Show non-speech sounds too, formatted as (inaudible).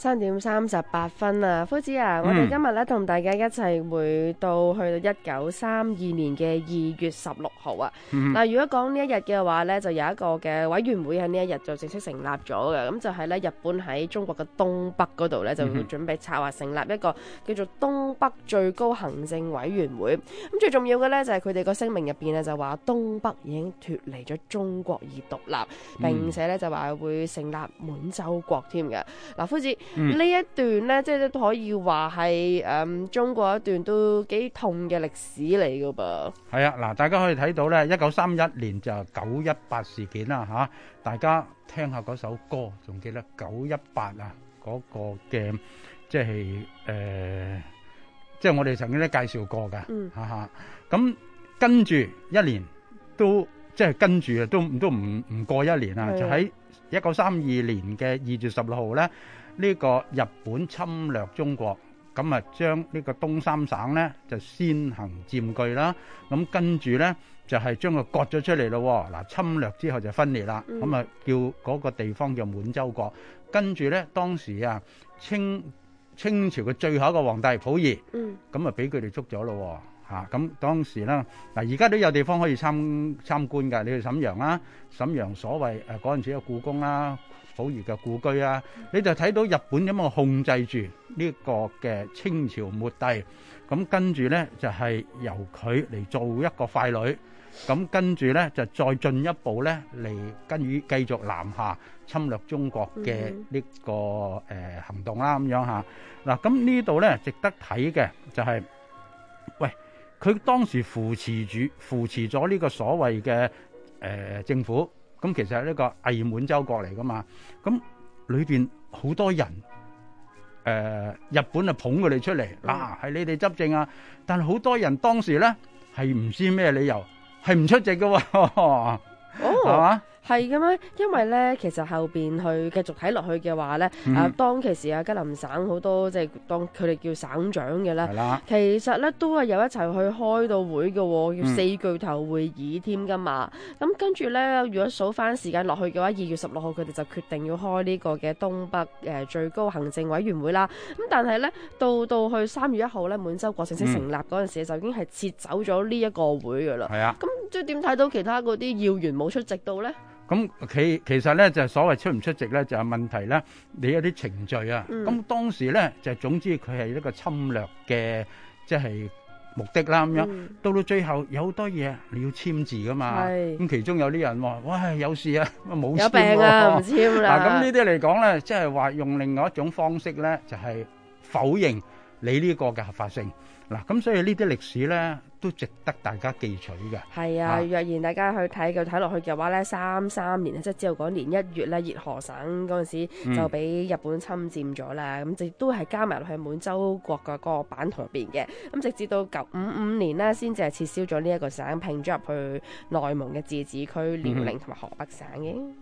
三點三十八分啊，夫子啊，嗯、我哋今日咧同大家一齊回到去到一九三二年嘅二月十六號啊。嗱、嗯啊，如果講呢一日嘅話呢，就有一個嘅委員會喺呢一日就正式成立咗嘅。咁就係呢，日本喺中國嘅東北嗰度呢，就準備策劃成立一個叫做東北最高行政委員會。咁、嗯、最重要嘅呢，就係佢哋個聲明入邊呢，就話東北已經脫離咗中國而獨立，並且呢，就話會成立滿洲國添嘅。嗱、啊，夫子。呢、嗯、一段咧，即係都可以話係誒，中國一段都幾痛嘅歷史嚟噶噃。係啊，嗱，大家可以睇到咧，一九三一年就係九一八事件啦吓、啊，大家聽下嗰首歌，仲記得九一八啊嗰個嘅，即係誒，即、呃、係、就是、我哋曾經都介紹過噶，吓吓、嗯。咁、啊、跟住一年都即係、就是、跟住都都唔唔過一年啦，的就喺一九三二年嘅二月十六號咧。呢個日本侵略中國，咁啊將呢個東三省呢就先行佔據啦，咁跟住呢，就係、是、將佢割咗出嚟咯。嗱，侵略之後就分裂啦，咁啊叫嗰個地方叫滿洲國。跟住呢，當時啊清清朝嘅最後一個皇帝溥儀，咁啊俾佢哋捉咗咯、哦。嚇，咁當時咧，嗱而家都有地方可以參參觀㗎。你去瀋陽啦，瀋陽所謂誒嗰陣時嘅故宮啦、溥儀嘅故居啊，你就睇到日本咁樣控制住呢個嘅清朝末帝，咁跟住咧就係由佢嚟做一個傀儡，咁跟住咧就再進一步咧嚟跟於繼續南下侵略中國嘅呢個誒行動啦咁樣嚇。嗱咁呢度咧值得睇嘅就係，喂。佢當時扶持住、扶持咗呢個所謂嘅誒、呃、政府，咁其實係呢個偽滿洲國嚟噶嘛，咁裏邊好多人誒、呃、日本就捧啊捧佢哋出嚟，嗱係你哋執政啊，但係好多人當時咧係唔知咩理由，係唔出席嘅喎、啊，係 (laughs) 嘛、oh.？係嘅咩？因為咧，其實後邊去繼續睇落去嘅話咧，嗯、啊，當其時啊，吉林省好多即係、就是、當佢哋叫省長嘅啦，的其實咧都係有一齊去開到會嘅，要四巨頭會議添㗎嘛。咁跟住咧，如果數翻時間落去嘅話，二月十六號佢哋就決定要開呢個嘅東北誒最高行政委員會啦。咁但係咧，到到去三月一號咧，滿洲國正式成立嗰陣時，嗯、就已經係撤走咗呢一個會㗎啦。係啊的，咁即係點睇到其他嗰啲要員冇出席到咧？咁其其實咧就係所謂出唔出席咧就係問題咧，你有啲程序啊，咁當時咧就總之佢係一個侵略嘅即係目的啦咁樣。到到最後有好多嘢你要簽字㗎嘛，咁其中有啲人話，哇，有事啊，冇事啊，有病啊，唔簽啦。嗱，咁呢啲嚟講咧，即係話用另外一種方式咧，就係否認。你呢個嘅合法性嗱，咁所以呢啲歷史呢都值得大家記取嘅。係啊，啊若然大家去睇佢睇落去嘅話呢，三三年即係之後嗰年一月呢，熱河省嗰陣時就俾日本侵佔咗啦。咁直、嗯、都係加埋落去滿洲國嘅個版圖入邊嘅。咁直至到九五五年呢，先至係撤銷咗呢一個省，拼咗入去內蒙嘅自治區、遼寧同埋河北省嘅。嗯